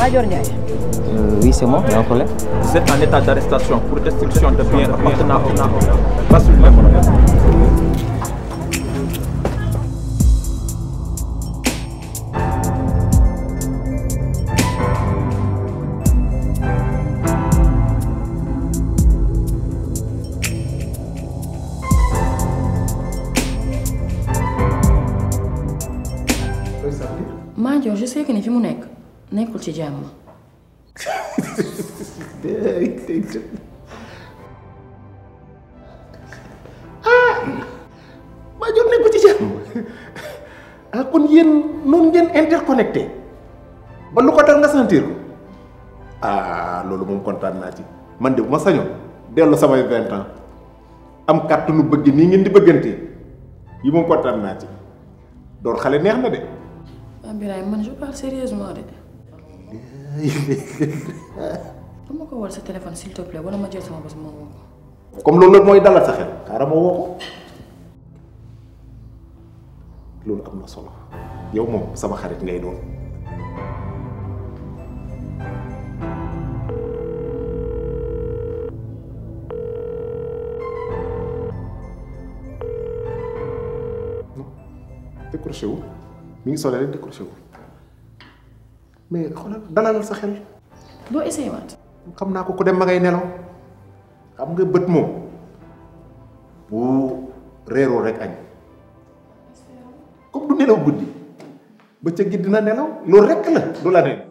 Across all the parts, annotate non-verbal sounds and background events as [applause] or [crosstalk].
Major Ndiaye. Euh, oui, c'est moi, Mme Collet. Vous êtes en état d'arrestation pour destruction de biens appartenant au Major je sais que ni fi mu nekkul ci jàmm. ah maa jóg nekkul ci Akun ah kon yéen noonu ngeen interconnecté ba lu ko dal nga sentir ah loolu moom kontaan naa ci man de ma ans am kàttanu bëgg ni ngeen di bëggante yi moom kontaan na ci Dor xalé neex na de. Abdoulaye man je parle sérieusement de. bu ma ko wol sa téléphone s'il te plaît wala ma jël sama bos ma woo ko. comme loolu la mooy dalal sa xel xaaral ma woo ko loolu am na solo yow moom sama xarit ngay doon. décroché wu mi ngi solee rek décroché wu. mais xoolal dalalal sa xel. doo essayé xam naa ko ku dem ma ngay nelaw xam nga bët moom bu réeroo rek añ comme du nelaw guddi bëccëg gi dina nelaw loolu rek la du la ne.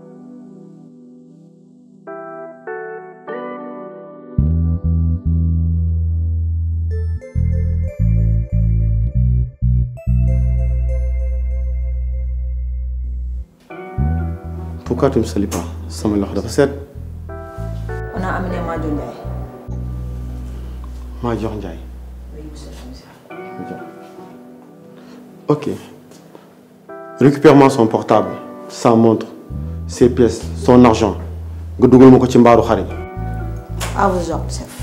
pourquoi tu ne me salis pas sama loxo dafa set. on a amené djondaye Ndiaye. Madior Ndiaye. ok récupère-moi son portable sa montre ses pièces son argent Je vais ma ko ci mbaaru xar A à vos ordres, chef.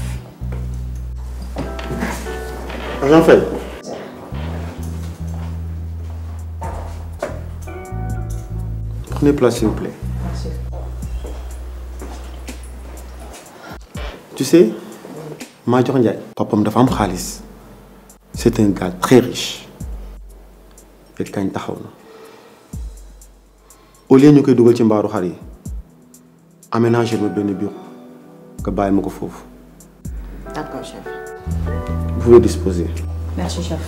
Agent fait? Prenez place, s'il vous plaît. tu sais Major Ndiaye papam dafa am Khalis. c'est un gars très riche fekk kañ taxaw na au lieu de koy dugal ci mbaaru xar le aménager ma bureau que bàyyi ma ko faire. d'accord chef. vous pouvez disposer. merci chef.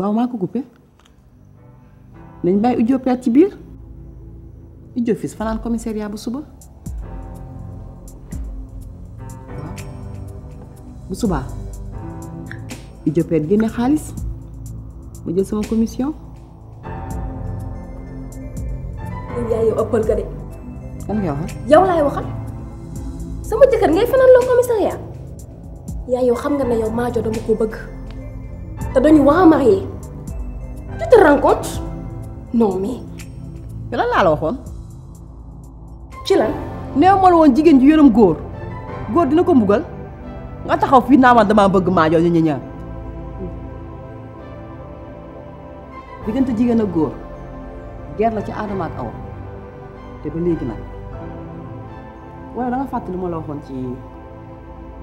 waaw maa ko coupé nañ bàyyi Idiop yaat ci biir Idiop fis fanaan commissariat bu suba bu suba Idiop yaat génne xaalis ma jël sama commission. yaay yow ëppal nga de. kan nga waxal. yow laay waxal sama jëkkër ngay fanaan loo commissariat yaay yow xam nga ne yow maa dama ko bëgg te dañu waa marié. Tu te rends compte non mais. te lan laa la waxoon. ci lan. néew ma la woon jigéen ji yërëm góor góor dina ko mbugal nga taxaw fii naa ma damaa bëgg maa jooju ñu ñaar diggante jigéen ak góor geer la ci aadama ak awa te ba léegi nag waaye da nga fàttali ma la waxoon ci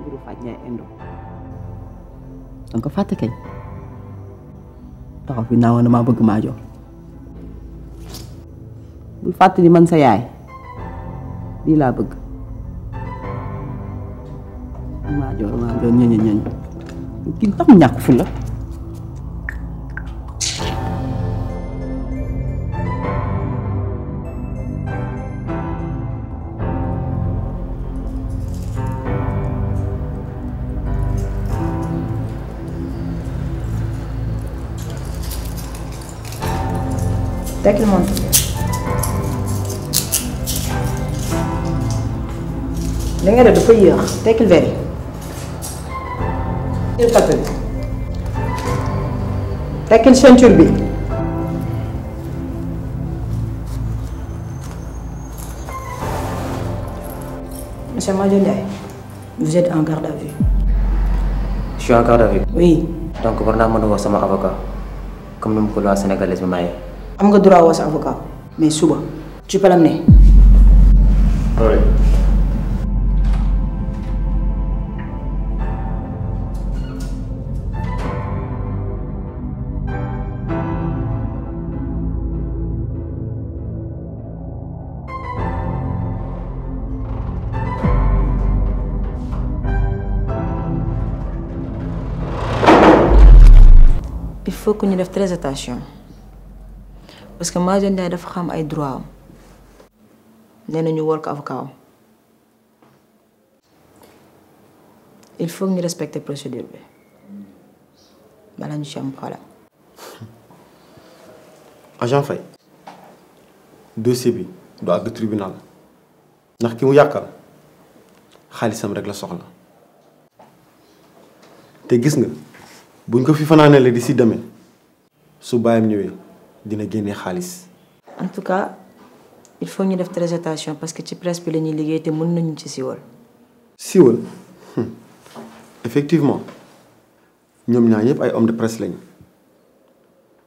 mbiru faj ñaay donc fàtte kay. Nakapinawa na mga pagkumayo. Bulfati di man sayay. Di labag. Kumayo, kumayo, nyan, nyan, nyan. Kinta ko niya ko sila. réglementée. li nga def dafa yéex tekkil verre yi tekkil pape bi tekkil bi monsieur Madior vous êtes en garde à vue. je suis en garde à vue. oui. donc war naa mën a un avocat comme ni mu ko loi sénégalaise bi maye. Je nga droit woo un avocat mais suba tu peux l'amener. il faut que nous def très attention parce que Madior Ndiaye dafa xam ay droit am nee na ñu wol ko avocat am il faut ñu respecter procédure bi bala ñu ci am problème. [laughs] agent Faye dossier bi du àgg tribunal ndax ki mu yàqal xaalisam rek la soxla te gis nga buñ ko fi fanaanee la di si demee su bàyyam ñëwee dina génné xaalis. en tout cas il faut ñu def très parce que ci presse bi lañuy liggéey té mën nañu ci siwol siwol hmm. effectivement ñom ñaar ñep ay hommes de presse lañ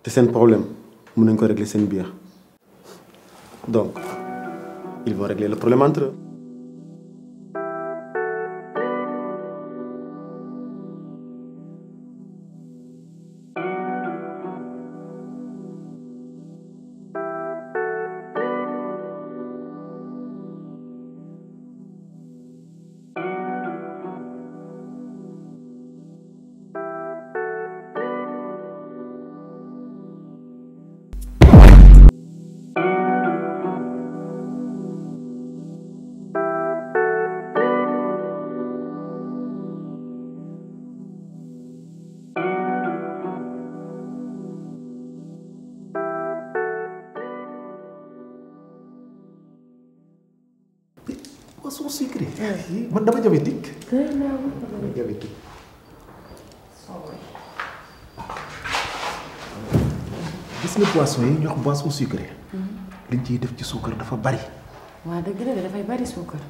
te seen problème mën nañ ko régler seen biir donc ils vont régler le problème entre eux. Sí, man, damen diabetik. Genau. Damen diabetik. gis nga boisson yi ñox boisson sucré liñ ciy def ci suukar dafa bari waa dëgg la dafay bari suukar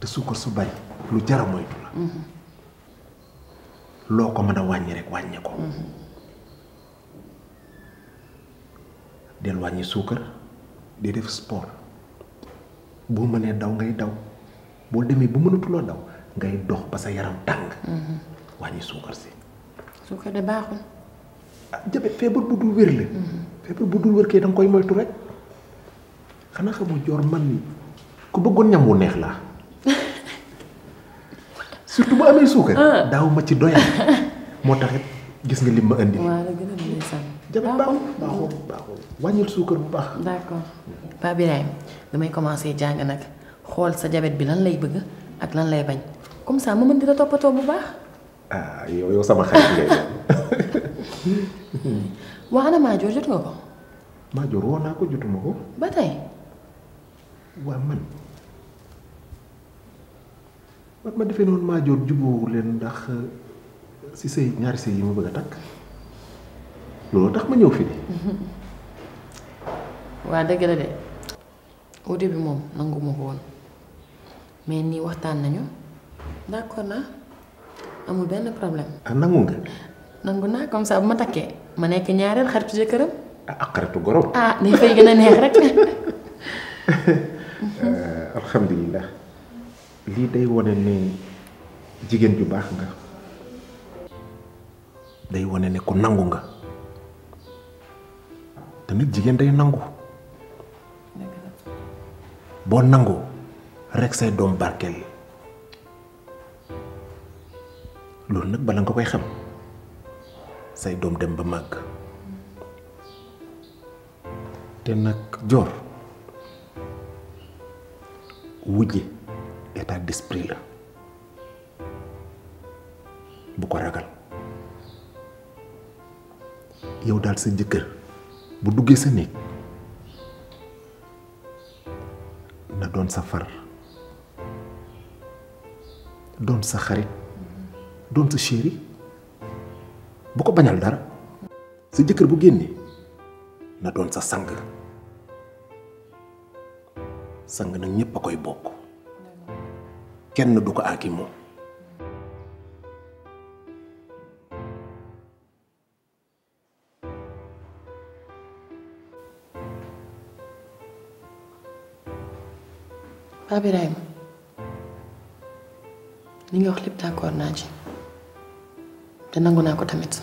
te suukar su bari lu jara itu la loo ko mën a wàññi rek wàññi ko del wàññi suukar di def sport boo mënee daw ngay daw bo demé bu mënatuloo daw ngay dox ba sa yaram tàng. Mhm. wàññi suukar si. suukar de baaxul. ah jabet feebar bu du wér la. Mhm. feebar bu du wér ke dang nga koy moytu rek xana xamu jor man ni ku bëggon ñam wu neex la surtout bu amé sukar daaw ma ci doyal moo taxit gis nga lim ma indi. waaw la gën a mën a sànni. jabet baaxul baaxul baaxul wàññil suukar bu baax. d'accord Pape Birahim damay commencer jàng nag. xool sa jabet bi lan lay bëgg ak lan lay bañ comme ça ma mën di toppatoo bu baax. ah yow yow sama xarit ngay [laughs] ko. Maajoor waa man ma defee noonu Maajoor jubóowu leen ndax euh, si sëy ñaari sëy yi ma bëgg a takk loolu tax ma ñëw fi de. [laughs] waa dëgg la de au début moom nangu ma ko woon. mais nii waxtaan nañu d'accord naa amul benn problème. ah nangu nga. nangu naa comme ça bu ma takkee ma nekk ñaareel xaritu jëkkëram. ah ak xaritu gorom. ah day fay gën a neex rek. [laughs] Eh, alhamdulilah lii day wane ne jigéen ju baax nga day wane ne ku nangu nga te jigéen day nangu boo nangoo. rek say dom barkel lool nak bala nga koy xam say dom dem ba mag té nak jor wujé état d'esprit la bu ko ragal yow dal sa bu duggé sa nek na doon sa far doon sa xarit doon sa chéri bu ko bañal dara sa jëkkër bu génne na doon sa sang sang nag ñépp a koy bokk kenn du ko aaki moom li nga wax lépp d'accord naa ci te nangu naa ko tamit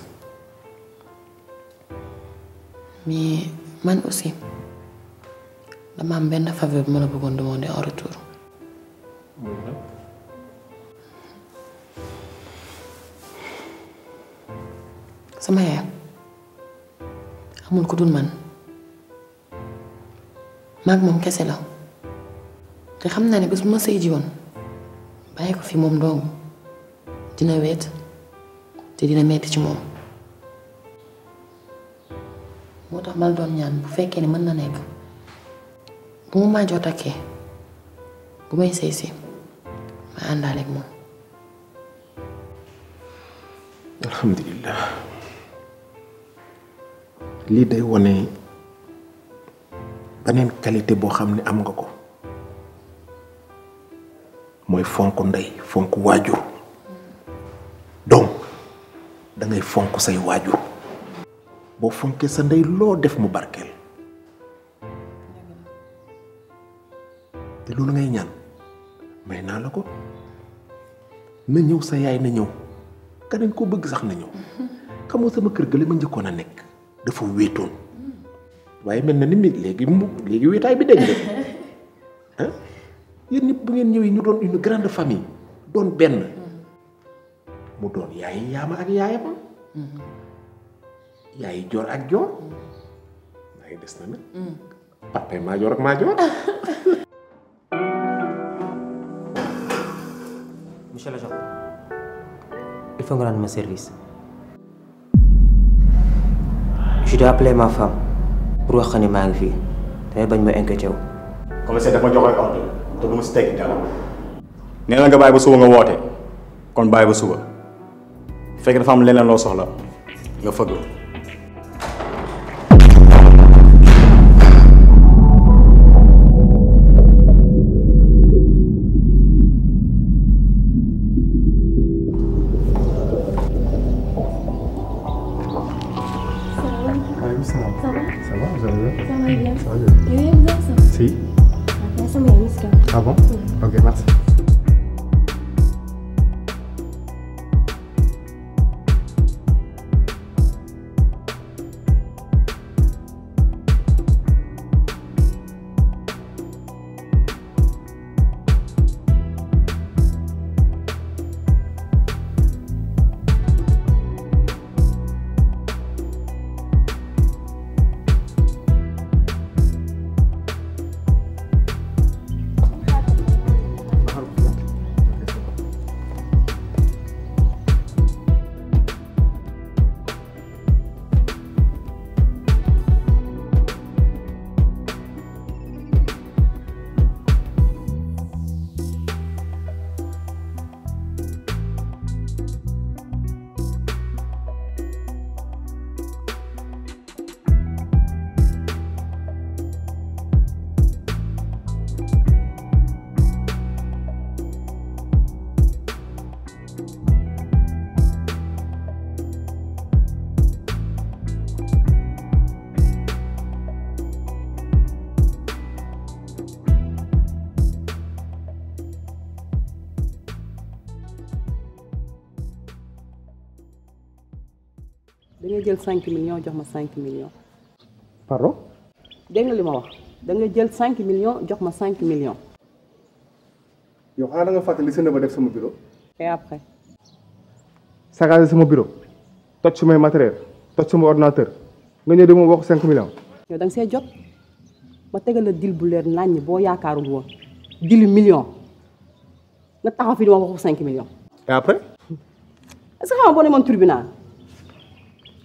mais man aussi dama am benn faveur bu ma la bëggoon demander en retour. sama yaay amul ku dul man maag moom kese la te xam naa ne bés bu ma sëy ji woon. bàyyi ko fi moom dong dina wet te dina metti ci moom moo tax ma la doon ñaan bu fekkee ne mën na nekk bu mu maajoo takkee bu may sëy si ma àndaaleeg moom alhamdulillah lii day wone beneen qualité boo xam ne am nga ko mooy fonk ndey fonk waajur donc dangay ngay fonk say waajur boo fonkee sa ndey loo def mu barkeel te loolu ngay ñaan may naa la ko na ñëw sa yaay na ñëw keneen koo bëgg sax na ñëw xamoo sama kër ga li ma njëkkoon a nekk dafa wéetoon waaye mel na ni mi léegi mu léegi wéetaay bi dañ de ngeen ñëwee ñu doon une grande famille doon ben mu doon yaay yaama ak ba yaay jor ak jor ngay dess na nag papa ma jor ak ma jor monsieur l'agent [laughs] il faut rendre ma service je dois appeler ma femme pour wax ne maa ngi fi tay bañ ma inquiéter wu commissaire dafa joxe eh, ordre oh. te du ma si teggi dara nee na nga bàyyi ba suba nga woote kon bàyyi ba suba fekk dafa am leneen loo soxla nga fëgg Ça va, vous allez bien Ça va bien. Vous allez bien Si. Après, ça m'a mis Ah bon Ok, merci. jël 5 millions jox ma 5 millions pardon dégg nga lima wax da nga jël 5 millions jox ma 5 millions yow xala nga fàtte li sa def sama bureau et après sagaasé sama bureau toj sumay matériel toj sama ordinateur nga ñëw dama wax 5 millions yow da nga see jot ma tegal la dil bu leer nañ boo yaakaarul woon dili millions nga taxaw fi dama wax 5 millions et après est ce que xam boo ne tribunal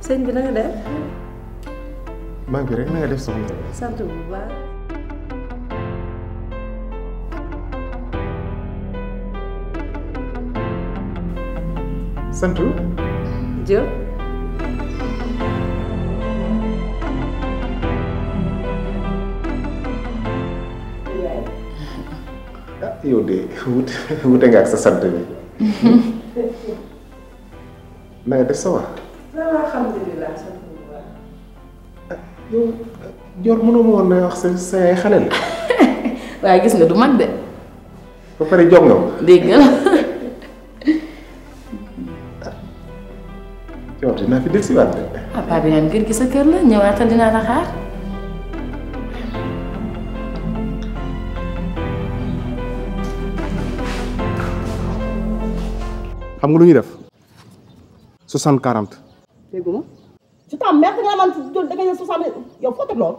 Saya bi bilang nga def. maa ngi rek na nga def soxna. sant bu udah, sant. udah ah yow de wute wute nga ak yor mënu mo woon na wax sa sa yaay la. [laughs] waaye gis nga du mag de. ba pare jog nga ma. dégg nga. [laughs] yow dina fi dégg si waat de. ah paa bi naan kër gi sa kër la ñëwaatal dina la xaar. xam nga lu ñuy def soixante quarante. dégg nga. je t'emmerde nga man da nga jël soixante yow foo teg loolu.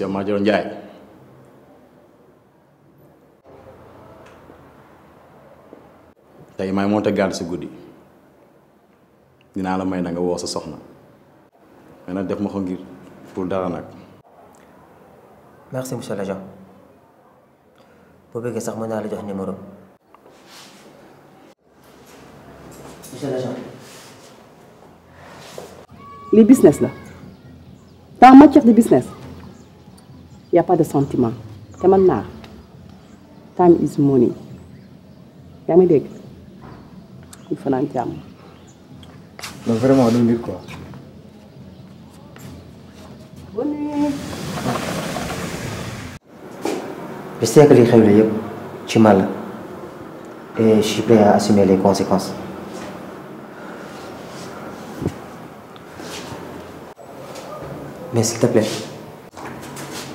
ma Madior Ndiaye tey may monte garde si guddi dinaa la may nanga woo sa soxna mais def ma ko ngir pour dara nag merci monsieur l'agent boo bëggee sax mën naa la jox numéro monsieur li business la dans matière de business Il n'y a pas de sentiment. temps est time is money Il faut que faut fanaan jàmm. non vraiment du nit quoi. bonne nuit. je sais que les règles, la mal. et je suis prêt à assumer les conséquences. mais s'il te plaît.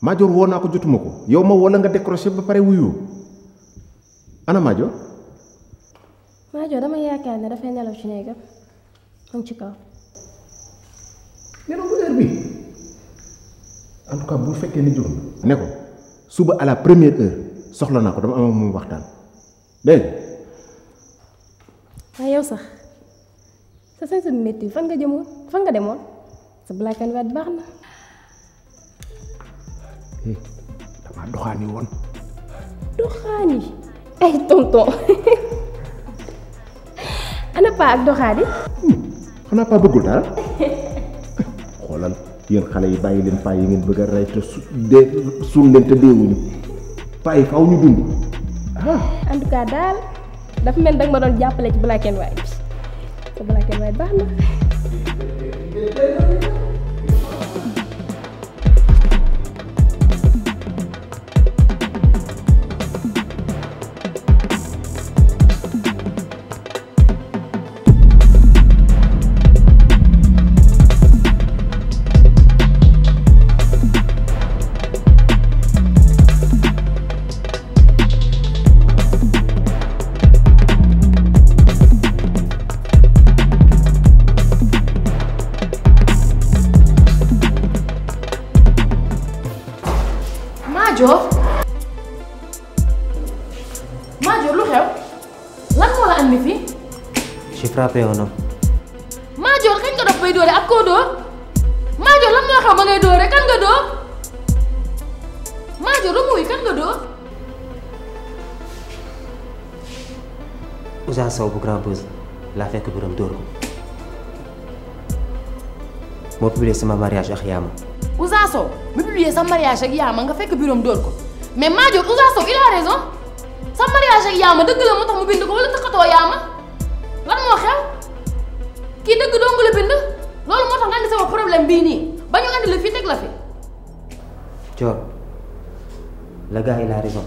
Madior woo naa ko jotuma ko yow ma wala nga décroché ba pare wuyu ana Madior. Madior dama yaakaar ne dafay nelaw ci néegam mu ci kaw. nelaw bu heure bi en bu fekkee ni jóg ne ko suba à la première heure soxla naa ko dama am moom waxtaan dégg ah, yow sax sa sañ sa métti fan nga jëmoon fan nga demoon sa black and white baax na. dama yi woon doxaani ay eh, tonton [laughs] ana pa ak doxaani xanaa hmm, pa bëggul dara [laughs] xoolal yéen xale yi bàyyi leen paa yi ngeen bëgg a rey te su dee suul leen te deewuñu paa yi faaw ñu dund en daal dafa mel da ma doon jàppale ci black and bi te black and baax na kate ono major kañ nga dof bay ya? doore ak koo doo major lan ya? kan gak doo major lu muy kan nga doo Ousa Sow bu grand buzz laa fekk borom sama Maria ak yaama Ousa mau pilih sama Maria mariage ak yaama nga fekk birom dóor ko mais major rezon. Sama Maria a raison sa mariage ak yaama mau la moo tax mu lan mo xew ki deug doo nga la bind lolou motax nga andi sama problème bi ni bañu andi la fi tek la fi jor la gars il a raison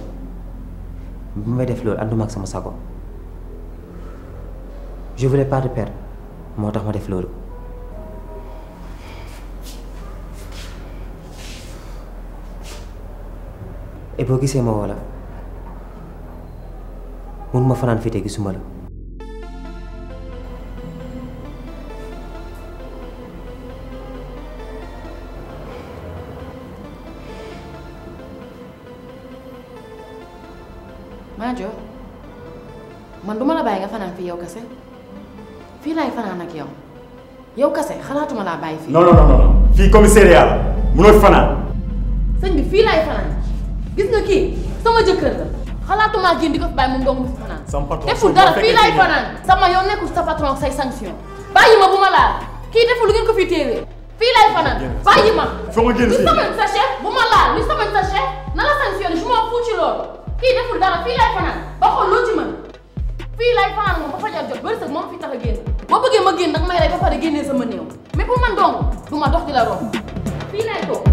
bu may def lolou ànduma ak sama sago je voulais pas de perdre motax ma def lolou et boo gisee ma woo la mun ma fanaan fii gisuma la yow kese fana laay fanaan ak yow yow kese xalaatuma laa bàyyi fii. non non non fii commissariat la munoo fanaan. sëñ bi fii laay fanaan gis nga kii sama jëkkër la xalaatuma génn di ko fi bàyyi moom dong mu fi fanaan. sama patron deful dara fii laay fanaan. sama yow nekkul sa patron ak say sanction bàyyi ma bu ma laal kii deful lu ngeen ko fi téewee. fii lay ma sama sa chef lu sama sa chef na la je m'en fous ci loolu kii deful dara fii lay fanaan ba ci fii lay fanaan moom ba fajar jot wërsëg moom fi tax a génn boo bëggee ma génn nag may lay ba pare génnee sama néew mais pour man dong du ma dox di la romb fii lay toog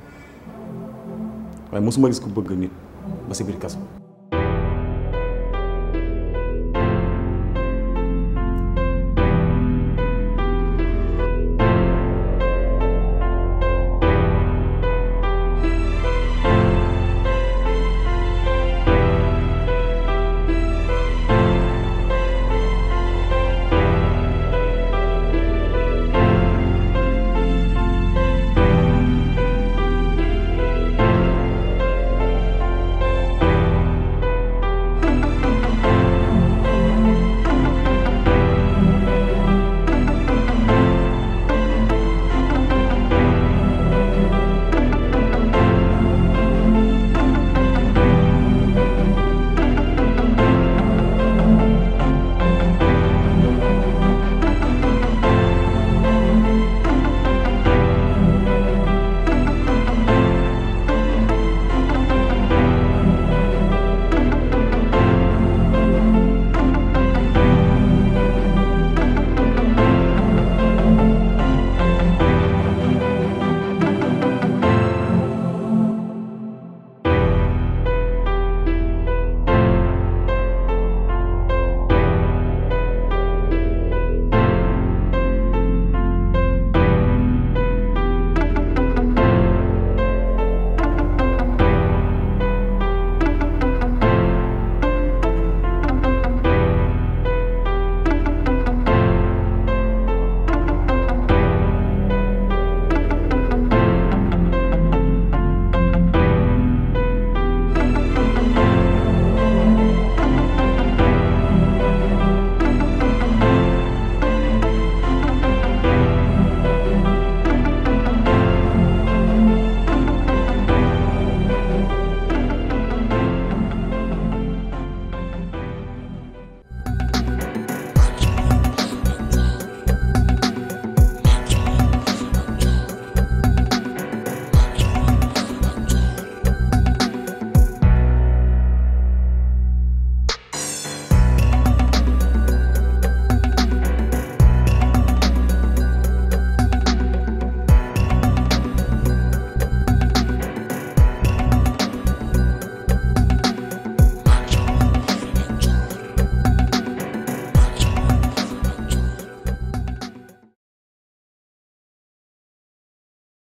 waaye mosuma gis ku bëgg nit ba si biir kaso